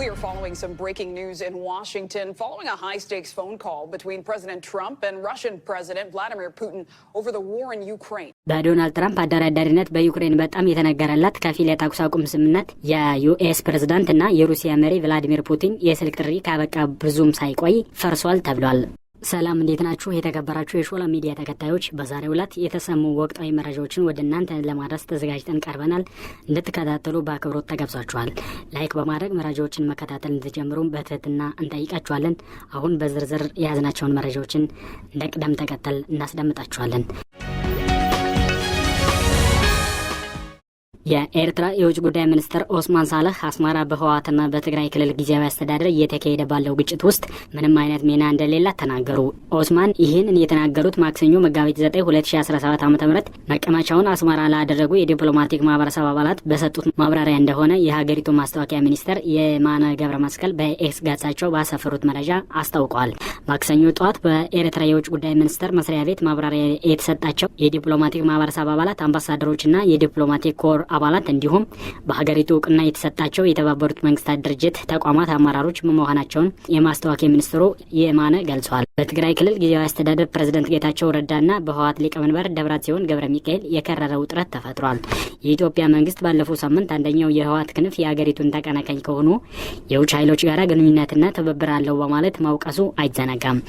We are following some breaking news in Washington following a high stakes phone call between President Trump and Russian President Vladimir Putin over the war in Ukraine. በዶናልድ ትራምፕ አደራዳሪነት በዩክሬን በጣም የተነገረላት ከፊል የተኩስ አቁም ስምምነት የዩኤስ ፕሬዝዳንትና የሩሲያ መሪ ቭላዲሚር ፑቲን የስልክ ጥሪ ካበቃ ብዙም ሳይቆይ ፈርሷል ተብሏል። ሰላም እንዴት ናችሁ? የተከበራችሁ የሾላ ሚዲያ ተከታዮች፣ በዛሬው ዕለት የተሰሙ ወቅታዊ መረጃዎችን ወደ እናንተ ለማድረስ ተዘጋጅተን ቀርበናል። እንድትከታተሉ በአክብሮት ተጋብዛችኋል። ላይክ በማድረግ መረጃዎችን መከታተል እንድትጀምሩም በትህትና እንጠይቃችኋለን። አሁን በዝርዝር የያዝናቸውን መረጃዎችን እንደ ቅደም ተከተል እናስደምጣችኋለን። የኤርትራ የውጭ ጉዳይ ሚኒስትር ኦስማን ሳልህ አስመራ በህወሓትና በትግራይ ክልል ጊዜያዊ አስተዳደር እየተካሄደ ባለው ግጭት ውስጥ ምንም አይነት ሚና እንደሌላት ተናገሩ። ኦስማን ይህን የተናገሩት ማክሰኞ መጋቢት 9 2017 ዓ ም መቀመጫውን አስመራ ላደረጉ የዲፕሎማቲክ ማህበረሰብ አባላት በሰጡት ማብራሪያ እንደሆነ የሀገሪቱ ማስታወቂያ ሚኒስትር የማነ ገብረ መስቀል በኤክስ ገጻቸው ባሰፈሩት መረጃ አስታውቀዋል። ማክሰኞ ጠዋት በኤርትራ የውጭ ጉዳይ ሚኒስትር መስሪያ ቤት ማብራሪያ የተሰጣቸው የዲፕሎማቲክ ማህበረሰብ አባላት አምባሳደሮችና የዲፕሎማቲክ ኮር አባላት እንዲሁም በሀገሪቱ እውቅና የተሰጣቸው የተባበሩት መንግስታት ድርጅት ተቋማት አመራሮች መሆናቸውን የማስታወቂያ ሚኒስትሩ የማነ ገልጿል። በትግራይ ክልል ጊዜያዊ አስተዳደር ፕሬዝደንት ጌታቸው ረዳና በህወሓት ሊቀመንበር ደብረጽዮን ገብረ ሚካኤል የከረረ ውጥረት ተፈጥሯል። የኢትዮጵያ መንግስት ባለፈው ሳምንት አንደኛው የህወሓት ክንፍ የአገሪቱን ተቀናቃኝ ከሆኑ የውጭ ኃይሎች ጋር ግንኙነትና ትብብር አለው በማለት ማውቀሱ አይዘነጋም።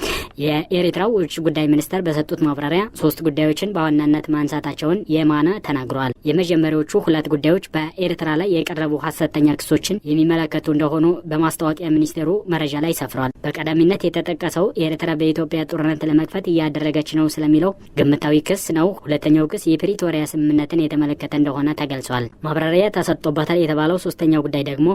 የኤርትራው ውጭ ጉዳይ ሚኒስተር በሰጡት ማብራሪያ ሶስት ጉዳዮችን በዋናነት ማንሳታቸውን የማነ ተናግረዋል። የመጀመሪያዎቹ ሁለት ጉዳዮች በኤርትራ ላይ የቀረቡ ሀሰተኛ ክሶችን የሚመለከቱ እንደሆኑ በማስታወቂያ ሚኒስቴሩ መረጃ ላይ ሰፍረዋል። በቀዳሚነት የተጠቀሰው የኤርትራ በኢትዮጵያ ጦርነት ለመክፈት እያደረገች ነው ስለሚለው ግምታዊ ክስ ነው። ሁለተኛው ክስ የፕሪቶሪያ ስምምነትን የተመለከተ እንደሆነ ተገልጿል። ማብራሪያ ተሰጥቶበታል የተባለው ሶስተኛው ጉዳይ ደግሞ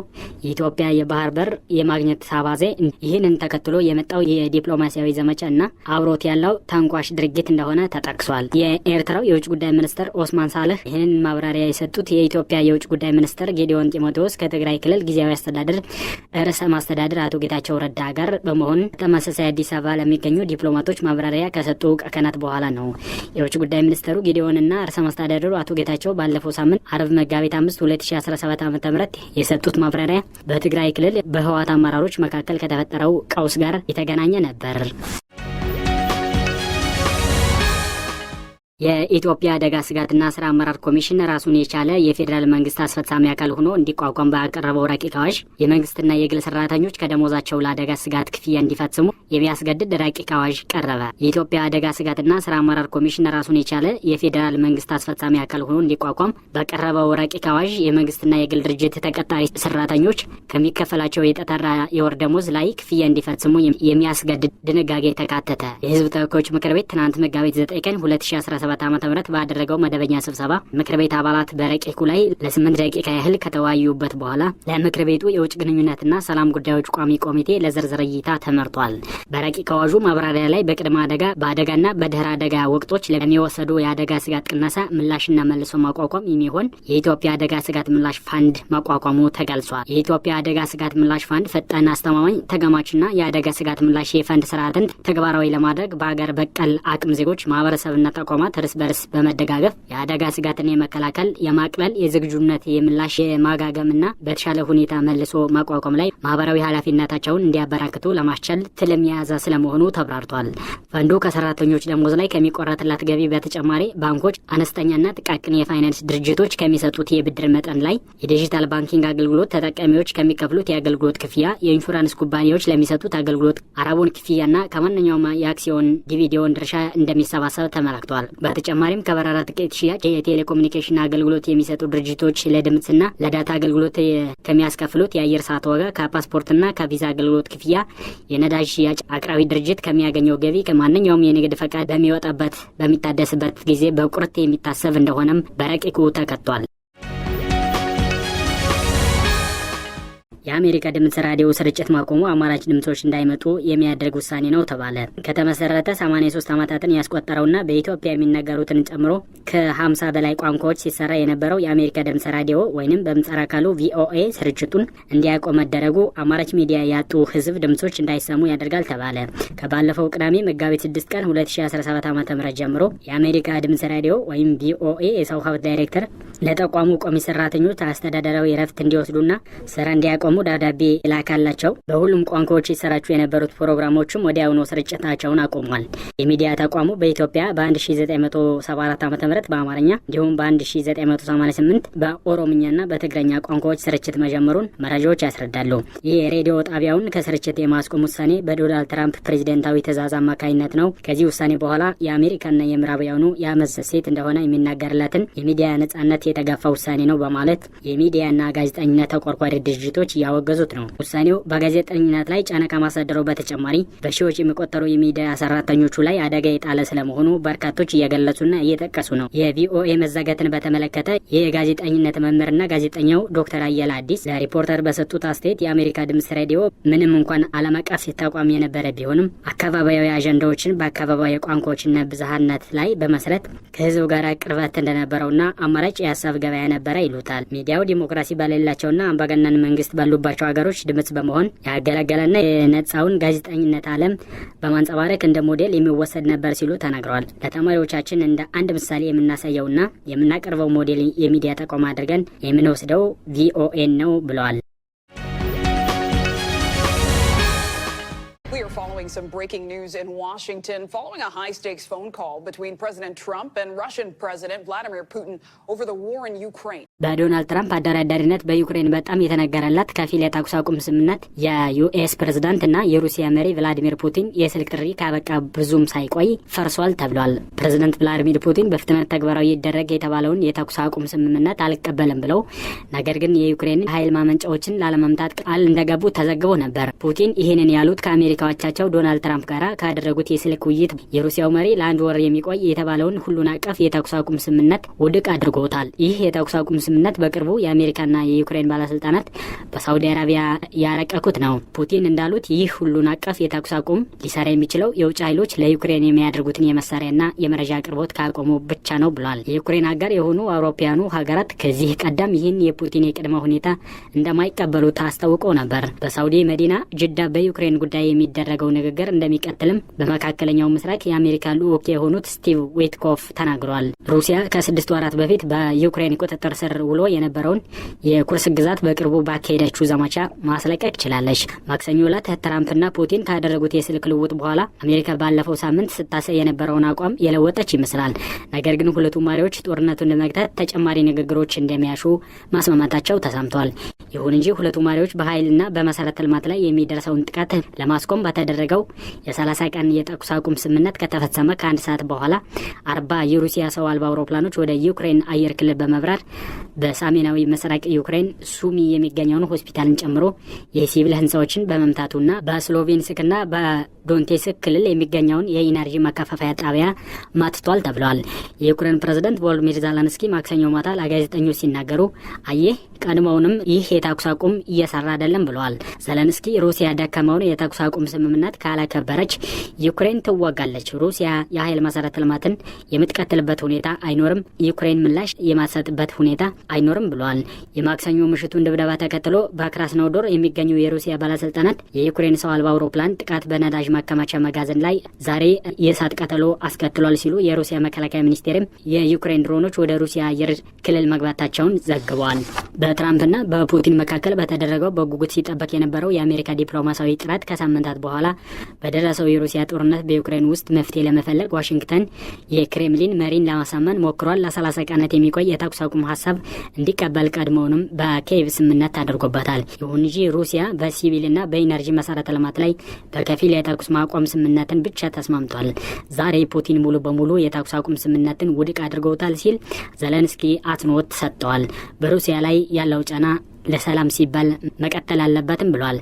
የኢትዮጵያ የባህር በር የማግኘት አባዜ ይህንን ተከትሎ የመጣው የዲፕሎማሲያዊ ዘመቻ እና አብሮት ያለው ታንኳሽ ድርጊት እንደሆነ ተጠቅሷል። የኤርትራው የውጭ ጉዳይ ሚኒስትር ኦስማን ሳልህ ይህንን ማብራሪያ የሰጡት የኢትዮጵያ የውጭ ጉዳይ ሚኒስትር ጌዲዮን ጢሞቴዎስ ከትግራይ ክልል ጊዜያዊ አስተዳደር ርዕሰ ማስተዳደር አቶ ጌታቸው ረዳ ጋር በመሆን ተመሳሳይ አዲስ አበባ ከሚገኙ ዲፕሎማቶች ማብራሪያ ከሰጡ ቀናት በኋላ ነው። የውጭ ጉዳይ ሚኒስተሩ ጊዲዮንና ርዕሰ መስተዳደሩ አቶ ጌታቸው ባለፈው ሳምንት አርብ መጋቢት አምስት 2017 ዓ ም የሰጡት ማብራሪያ በትግራይ ክልል በህወሓት አመራሮች መካከል ከተፈጠረው ቀውስ ጋር የተገናኘ ነበር። የኢትዮጵያ አደጋ ስጋትና ስራ አመራር ኮሚሽን ራሱን የቻለ የፌዴራል መንግስት አስፈጻሚ አካል ሆኖ እንዲቋቋም ባቀረበው ረቂቅ አዋጅ የመንግስትና የግል ሰራተኞች ከደሞዛቸው ለአደጋ ስጋት ክፍያ እንዲፈጽሙ የሚያስገድድ ረቂቅ አዋጅ ቀረበ። የኢትዮጵያ አደጋ ስጋትና ስራ አመራር ኮሚሽን ራሱን የቻለ የፌዴራል መንግስት አስፈጻሚ አካል ሆኖ እንዲቋቋም በቀረበው ረቂቅ አዋጅ የመንግስትና የግል ድርጅት ተቀጣሪ ሰራተኞች ከሚከፈላቸው የጠጠራ የወር ደሞዝ ላይ ክፍያ እንዲፈጽሙ የሚያስገድድ ድንጋጌ ተካተተ። የህዝብ ተወካዮች ምክር ቤት ትናንት መጋቢት 9 ቀን 2017 2017 ዓ ም ባደረገው መደበኛ ስብሰባ ምክር ቤት አባላት በረቂቁ ላይ ለስምንት ደቂቃ ያህል ከተወያዩበት በኋላ ለምክር ቤቱ የውጭ ግንኙነትና ሰላም ጉዳዮች ቋሚ ኮሚቴ ለዝርዝር እይታ ተመርቷል። በረቂቅ አዋዡ ማብራሪያ ላይ በቅድመ አደጋ በአደጋና በድህረ አደጋ ወቅቶች ለሚወሰዱ የአደጋ ስጋት ቅነሳ ምላሽና መልሶ ማቋቋም የሚሆን የኢትዮጵያ አደጋ ስጋት ምላሽ ፋንድ ማቋቋሙ ተገልጿል። የኢትዮጵያ አደጋ ስጋት ምላሽ ፋንድ ፈጣን፣ አስተማማኝ፣ ተገማችና የአደጋ ስጋት ምላሽ የፈንድ ስርዓትን ተግባራዊ ለማድረግ በሀገር በቀል አቅም ዜጎች፣ ማህበረሰብና ተቋማት እርስ በርስ በመደጋገፍ የአደጋ ስጋትን የመከላከል የማቅለል፣ የዝግጁነት፣ የምላሽ፣ የማጋገምና በተሻለ ሁኔታ መልሶ ማቋቋም ላይ ማህበራዊ ኃላፊነታቸውን እንዲያበረክቱ ለማስቻል ትልም የያዘ ስለመሆኑ ተብራርቷል። ፈንዱ ከሰራተኞች ደሞዝ ላይ ከሚቆረጥላት ገቢ በተጨማሪ ባንኮች አነስተኛና ጥቃቅን የፋይናንስ ድርጅቶች ከሚሰጡት የብድር መጠን ላይ የዲጂታል ባንኪንግ አገልግሎት ተጠቃሚዎች ከሚከፍሉት የአገልግሎት ክፍያ የኢንሹራንስ ኩባንያዎች ለሚሰጡት አገልግሎት አራቦን ክፍያና ከማንኛውም የአክሲዮን ዲቪዲዮን ድርሻ እንደሚሰባሰብ ተመላክቷል። በተጨማሪም ከበረራ ትኬት ሽያጭ የቴሌኮሙኒኬሽን አገልግሎት የሚሰጡ ድርጅቶች ለድምፅና ለዳታ አገልግሎት ከሚያስከፍሉት የአየር ሰዓት ዋጋ፣ ከፓስፖርትና ከቪዛ አገልግሎት ክፍያ፣ የነዳጅ ሽያጭ አቅራቢ ድርጅት ከሚያገኘው ገቢ ከማንኛውም የንግድ ፈቃድ በሚወጣበት በሚታደስበት ጊዜ በቁርት የሚታሰብ እንደሆነም በረቂቁ ተከቷል። የአሜሪካ ድምፅ ራዲዮ ስርጭት ማቆሙ አማራጭ ድምፆች እንዳይመጡ የሚያደርግ ውሳኔ ነው ተባለ። ከተመሰረተ 83 ዓመታትን ያስቆጠረውና በኢትዮጵያ የሚነገሩትን ጨምሮ ከ50 በላይ ቋንቋዎች ሲሰራ የነበረው የአሜሪካ ድምፅ ራዲዮ ወይም በምጻረ አካሉ ቪኦኤ ስርጭቱን እንዲያቆም መደረጉ አማራጭ ሚዲያ ያጡ ህዝብ ድምፆች እንዳይሰሙ ያደርጋል ተባለ። ከባለፈው ቅዳሜ መጋቢት 6 ቀን 2017 ዓ ም ጀምሮ የአሜሪካ ድምፅ ራዲዮ ወይም ቪኦኤ የሰው ሀብት ዳይሬክተር ለተቋሙ ቆሚ ሰራተኞች አስተዳደራዊ ረፍት እንዲወስዱና ስራ እንዲያቆሙ ፕሮግራሙ ደብዳቤ የላካላቸው በሁሉም ቋንቋዎች ይሰራጩ የነበሩት ፕሮግራሞችም ወዲያውኑ ስርጭታቸውን አቁሟል። የሚዲያ ተቋሙ በኢትዮጵያ በ1974 ዓ ም በአማርኛ እንዲሁም በ1988 በኦሮምኛና በትግረኛ ቋንቋዎች ስርጭት መጀመሩን መረጃዎች ያስረዳሉ። ይህ የሬዲዮ ጣቢያውን ከስርጭት የማስቆም ውሳኔ በዶናልድ ትራምፕ ፕሬዚደንታዊ ትእዛዝ አማካኝነት ነው። ከዚህ ውሳኔ በኋላ የአሜሪካና የምዕራባውያኑ የአመፅ ሴት እንደሆነ የሚናገርለትን የሚዲያ ነጻነት የተጋፋ ውሳኔ ነው በማለት የሚዲያና ጋዜጠኝነት ተቆርቋሪ ድርጅቶች ያወገዙት ነው። ውሳኔው በጋዜጠኝነት ላይ ጫና ከማሳደሩ በተጨማሪ በሺዎች የሚቆጠሩ የሚዲያ ሰራተኞቹ ላይ አደጋ የጣለ ስለመሆኑ በርካቶች እየገለጹና እየጠቀሱ ነው። የቪኦኤ መዘጋትን በተመለከተ የጋዜጠኝነት መምህርና ጋዜጠኛው ዶክተር አየለ አዲስ ለሪፖርተር በሰጡት አስተያየት የአሜሪካ ድምጽ ሬዲዮ ምንም እንኳን ዓለም አቀፍ ሲታቋም የነበረ ቢሆንም አካባቢያዊ አጀንዳዎችን በአካባቢያዊ ቋንቋዎችና ብዝሃነት ላይ በመስረት ከህዝብ ጋር ቅርበት እንደነበረውና አማራጭ የሀሳብ ገበያ ነበረ ይሉታል። ሚዲያው ዲሞክራሲ በሌላቸውና አምባገነን መንግስት ባሉባቸው ሀገሮች ድምፅ በመሆን ያገለገለና የነጻውን ጋዜጠኝነት ዓለም በማንጸባረቅ እንደ ሞዴል የሚወሰድ ነበር ሲሉ ተናግረዋል። ለተማሪዎቻችን እንደ አንድ ምሳሌ የምናሳየውና የምናቀርበው ሞዴል የሚዲያ ተቋም አድርገን የምንወስደው ቪኦኤን ነው ብለዋል። following some breaking news in Washington following a high stakes phone call between President Trump and Russian President Vladimir Putin over the war in Ukraine. በዶናልድ ትራምፕ አደራዳሪነት በዩክሬን በጣም የተነገረላት ከፊል የተኩስ አቁም ስምምነት የዩኤስ ፕሬዝዳንት እና የሩሲያ መሪ ቭላዲሚር ፑቲን የስልክ ጥሪ ካበቃ ብዙም ሳይቆይ ፈርሷል ተብሏል። ፕሬዝዳንት ቭላዲሚር ፑቲን በፍጥነት ተግባራዊ ይደረግ የተባለውን የተኩስ አቁም ስምምነት አልቀበልም ብለው ነገር ግን የዩክሬንን ኃይል ማመንጫዎችን ላለመምታት ቃል እንደገቡ ተዘግቦ ነበር። ፑቲን ይህንን ያሉት ከአሜሪካዎች ከአቻቸው ዶናልድ ትራምፕ ጋር ካደረጉት የስልክ ውይይት የሩሲያው መሪ ለአንድ ወር የሚቆይ የተባለውን ሁሉን አቀፍ የተኩስ አቁም ስምምነት ውድቅ አድርጎታል። ይህ የተኩስ አቁም ስምምነት በቅርቡ የአሜሪካና የዩክሬን ባለስልጣናት በሳውዲ አረቢያ ያረቀኩት ነው። ፑቲን እንዳሉት ይህ ሁሉን አቀፍ የተኩስ አቁም ሊሰራ የሚችለው የውጭ ኃይሎች ለዩክሬን የሚያደርጉትን የመሳሪያና የመረጃ አቅርቦት ካቆሙ ብቻ ነው ብሏል። የዩክሬን አጋር የሆኑ አውሮፓውያኑ ሀገራት ከዚህ ቀደም ይህን የፑቲን የቅድመ ሁኔታ እንደማይቀበሉት አስታውቀው ነበር። በሳውዲ መዲና ጅዳ በዩክሬን ጉዳይ የሚደረግ የተደረገው ንግግር እንደሚቀጥልም በመካከለኛው ምስራቅ የአሜሪካ ልዑክ የሆኑት ስቲቭ ዊትኮፍ ተናግረዋል። ሩሲያ ከስድስት ወራት በፊት በዩክሬን ቁጥጥር ስር ውሎ የነበረውን የኩርስ ግዛት በቅርቡ ባካሄደችው ዘመቻ ማስለቀቅ ችላለች። ማክሰኞ ዕለት ትራምፕና ፑቲን ካደረጉት የስልክ ልውጥ በኋላ አሜሪካ ባለፈው ሳምንት ስታሳይ የነበረውን አቋም የለወጠች ይመስላል። ነገር ግን ሁለቱ መሪዎች ጦርነቱን ለመግታት ተጨማሪ ንግግሮች እንደሚያሹ ማስማማታቸው ተሰምቷል። ይሁን እንጂ ሁለቱ መሪዎች በኃይልና በመሰረተ ልማት ላይ የሚደርሰውን ጥቃት ለማስቆም ያደረገው የ30 ቀን የተኩስ አቁም ስምምነት ከተፈጸመ ከአንድ ሰዓት በኋላ አርባ የሩሲያ ሰው አልባ አውሮፕላኖች ወደ ዩክሬን አየር ክልል በመብራር በሰሜናዊ ምስራቅ ዩክሬን ሱሚ የሚገኘውን ሆስፒታልን ጨምሮ የሲቪል ህንፃዎችን በመምታቱና በስሎቬንስክና በዶንቴስክ ክልል የሚገኘውን የኢነርጂ ማከፋፈያ ጣቢያ ማትቷል ተብለዋል። የዩክሬን ፕሬዝደንት ቮሎዲሚር ዛላንስኪ ማክሰኞ ማታ ለጋዜጠኞች ሲናገሩ አየህ ቀድሞውንም ይህ የተኩስ አቁም እየሰራ አይደለም ብለዋል። ዘለንስኪ ሩሲያ ደከመውን የተኩስ አቁም ስምምነት ስምምነት ካላከበረች ዩክሬን ትወጋለች። ሩሲያ የኃይል መሰረተ ልማትን የምትቀትልበት ሁኔታ አይኖርም፣ ዩክሬን ምላሽ የማትሰጥበት ሁኔታ አይኖርም ብሏል። የማክሰኞ ምሽቱን ድብደባ ተከትሎ በክራስኖዶር የሚገኙ የሩሲያ ባለስልጣናት የዩክሬን ሰው አልባ አውሮፕላን ጥቃት በነዳጅ ማከማቻ መጋዘን ላይ ዛሬ የእሳት ቀጠሎ አስከትሏል ሲሉ የሩሲያ መከላከያ ሚኒስቴርም የዩክሬን ድሮኖች ወደ ሩሲያ አየር ክልል መግባታቸውን ዘግበዋል። በትራምፕና በፑቲን መካከል በተደረገው በጉጉት ሲጠበቅ የነበረው የአሜሪካ ዲፕሎማሲያዊ ጥረት ከሳምንታት በኋላ በኋላ በደረሰው የሩሲያ ጦርነት በዩክሬን ውስጥ መፍትሄ ለመፈለግ ዋሽንግተን የክሬምሊን መሪን ለማሳመን ሞክሯል ለሰላሳ ቀናት የሚቆይ የተኩስ አቁም ሀሳብ እንዲቀበል ቀድሞውንም በኬቭ ስምምነት ታደርጎበታል። ይሁን እንጂ ሩሲያ በሲቪልና በኢነርጂ መሰረተ ልማት ላይ በከፊል የተኩስ ማቆም ስምምነትን ብቻ ተስማምቷል። ዛሬ ፑቲን ሙሉ በሙሉ የተኩስ አቁም ስምምነትን ውድቅ አድርገውታል ሲል ዘለንስኪ አጽንኦት ሰጥተዋል። በሩሲያ ላይ ያለው ጫና ለሰላም ሲባል መቀጠል አለበትም ብሏል።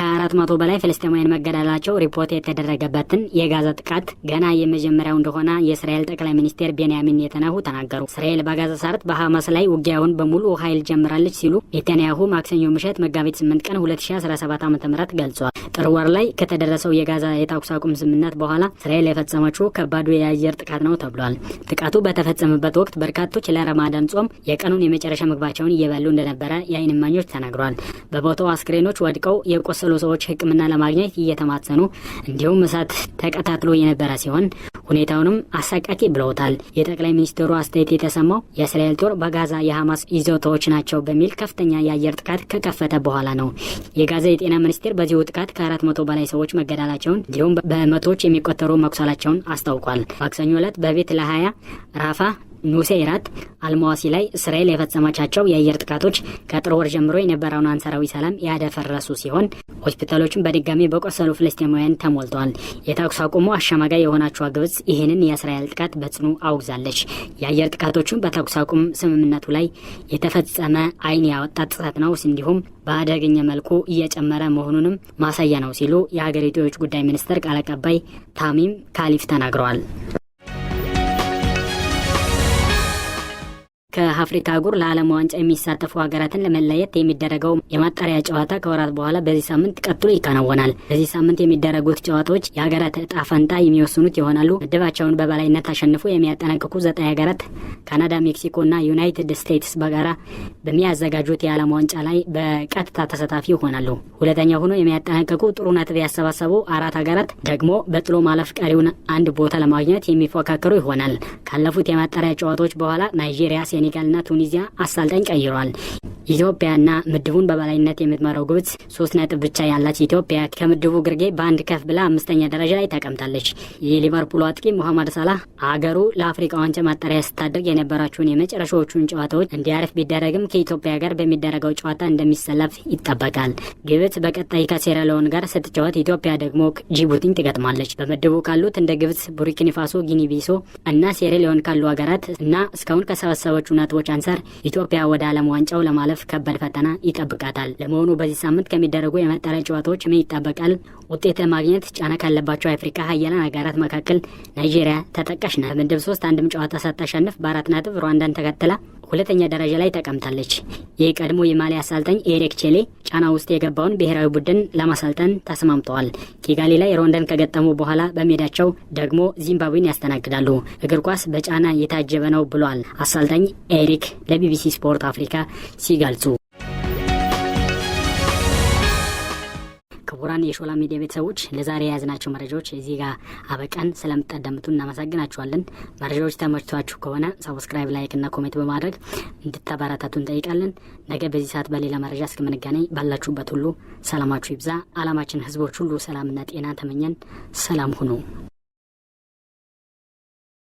ከአራት መቶ በላይ ፍልስጤማውያን መገደላቸው ሪፖርት የተደረገበትን የጋዛ ጥቃት ገና የመጀመሪያው እንደሆነ የእስራኤል ጠቅላይ ሚኒስቴር ቤንያሚን ኔተንያሁ ተናገሩ። እስራኤል በጋዛ ሰርጥ በሐማስ ላይ ውጊያውን በሙሉ ኃይል ጀምራለች ሲሉ ኔተንያሁ ማክሰኞ ምሽት መጋቢት 8 ቀን 2017 ዓ ም ገልጿል። ጥር ወር ላይ ከተደረሰው የጋዛ የተኩስ አቁም ስምምነት በኋላ እስራኤል የፈጸመችው ከባዱ የአየር ጥቃት ነው ተብሏል። ጥቃቱ በተፈጸመበት ወቅት በርካቶች ለረማዳን ጾም የቀኑን የመጨረሻ ምግባቸውን እየበሉ እንደነበረ የአይን እማኞች ተናግሯል። በቦታው አስክሬኖች ወድቀው የቆሰሉ የሚቆስሉ ሰዎች ሕክምና ለማግኘት እየተማጸኑ እንዲሁም እሳት ተቀጣጥሎ የነበረ ሲሆን ሁኔታውንም አሳቃቂ ብለውታል። የጠቅላይ ሚኒስትሩ አስተያየት የተሰማው የእስራኤል ጦር በጋዛ የሐማስ ይዞታዎች ናቸው በሚል ከፍተኛ የአየር ጥቃት ከከፈተ በኋላ ነው። የጋዛ የጤና ሚኒስቴር በዚሁ ጥቃት ከአራት መቶ በላይ ሰዎች መገደላቸውን እንዲሁም በመቶዎች የሚቆጠሩ መቁሰላቸውን አስታውቋል። ማክሰኞ ዕለት በቤት ለሀያ ራፋ ኑሴይራት አልማዋሲ ላይ እስራኤል የፈጸመቻቸው የአየር ጥቃቶች ከጥር ወር ጀምሮ የነበረውን አንሰራዊ ሰላም ያደፈረሱ ሲሆን ሆስፒታሎችን በድጋሚ በቆሰሉ ፍልስጤማውያን ተሞልተዋል። የተኩስ አቁሙ አሸማጋይ የሆናቸው ግብጽ ይህንን የእስራኤል ጥቃት በጽኑ አውግዛለች። የአየር ጥቃቶቹን በተኩስ አቁም ስምምነቱ ላይ የተፈጸመ አይን ያወጣ ጥሰት ነው፣ እንዲሁም በአደገኛ መልኩ እየጨመረ መሆኑንም ማሳያ ነው ሲሉ የሀገሪቱ የውጭ ጉዳይ ሚኒስትር ቃል አቀባይ ታሚም ካሊፍ ተናግረዋል። ከአፍሪካ አህጉር ለዓለም ዋንጫ የሚሳተፉ ሀገራትን ለመለየት የሚደረገው የማጣሪያ ጨዋታ ከወራት በኋላ በዚህ ሳምንት ቀጥሎ ይከናወናል። በዚህ ሳምንት የሚደረጉት ጨዋታዎች የሀገራት እጣ ፈንታ የሚወስኑት ይሆናሉ። ምድባቸውን በበላይነት አሸንፎ የሚያጠናቅቁ ዘጠኝ ሀገራት ካናዳ፣ ሜክሲኮና ዩናይትድ ስቴትስ በጋራ በሚያዘጋጁት የዓለም ዋንጫ ላይ በቀጥታ ተሳታፊ ይሆናሉ። ሁለተኛ ሆኖ የሚያጠናቅቁ ጥሩ ነጥብ ያሰባሰቡ አራት ሀገራት ደግሞ በጥሎ ማለፍ ቀሪውን አንድ ቦታ ለማግኘት የሚፎካከሩ ይሆናል። ካለፉት የማጣሪያ ጨዋታዎች በኋላ ናይጄሪያ፣ ሴኔ ሴኔጋልና ቱኒዚያ አሳልጣኝ ቀይሯል። ኢትዮጵያና ምድቡን በበላይነት የምትመራው ግብጽ ሶስት ነጥብ ብቻ ያላት ኢትዮጵያ ከምድቡ ግርጌ በአንድ ከፍ ብላ አምስተኛ ደረጃ ላይ ተቀምጣለች። የሊቨርፑል አጥቂ ሞሐመድ ሳላህ አገሩ ለአፍሪካ ዋንጫ ማጣሪያ ስታደርግ የነበራቸውን የመጨረሻዎቹን ጨዋታዎች እንዲያርፍ ቢደረግም ከኢትዮጵያ ጋር በሚደረገው ጨዋታ እንደሚሰለፍ ይጠበቃል። ግብጽ በቀጣይ ከሴራሊዮን ጋር ስትጫወት፣ ኢትዮጵያ ደግሞ ጅቡቲን ትገጥማለች። በምድቡ ካሉት እንደ ግብጽ፣ ቡርኪኒፋሶ፣ ጊኒቢሶ እና ሴራሊዮን ካሉ ሀገራት እና እስካሁን ከሰበሰበች ነጥቦች አንጻር ኢትዮጵያ ወደ ዓለም ዋንጫው ለማለፍ ከባድ ፈተና ይጠብቃታል። ለመሆኑ በዚህ ሳምንት ከሚደረጉ የመጣሪያ ጨዋታዎች ምን ይጠበቃል? ውጤት ለማግኘት ጫና ካለባቸው አፍሪካ ሀያላን ሀገራት መካከል ናይጄሪያ ተጠቃሽ ናት። ምድብ ሶስት አንድም ጨዋታ ሳታሸንፍ በአራት ነጥብ ሩዋንዳን ተከትላ ሁለተኛ ደረጃ ላይ ተቀምጣለች። የቀድሞ የማሊ አሰልጣኝ ኤሪክ ቼሌ ጫና ውስጥ የገባውን ብሔራዊ ቡድን ለማሰልጠን ተስማምተዋል። ኪጋሊ ላይ ሩዋንዳን ከገጠሙ በኋላ በሜዳቸው ደግሞ ዚምባብዌን ያስተናግዳሉ። እግር ኳስ በጫና የታጀበ ነው ብሏል አሰልጣኝ ኤሪክ ለቢቢሲ ስፖርት አፍሪካ ሲገልጹ ክቡራን የሾላ ሚዲያ ቤተሰቦች ለዛሬ የያዝናቸው መረጃዎች እዚህ ጋር አበቃን። ስለምታዳምጡ እናመሰግናችኋለን። መረጃዎች ተመችቷችሁ ከሆነ ሰብስክራይብ፣ ላይክ እና ኮሜንት በማድረግ እንድታበረታቱ እንጠይቃለን። ነገ በዚህ ሰዓት በሌላ መረጃ እስከምንገናኝ ባላችሁበት ሁሉ ሰላማችሁ ይብዛ። አላማችን ህዝቦች ሁሉ ሰላምና ጤና ተመኘን። ሰላም ሁኑ።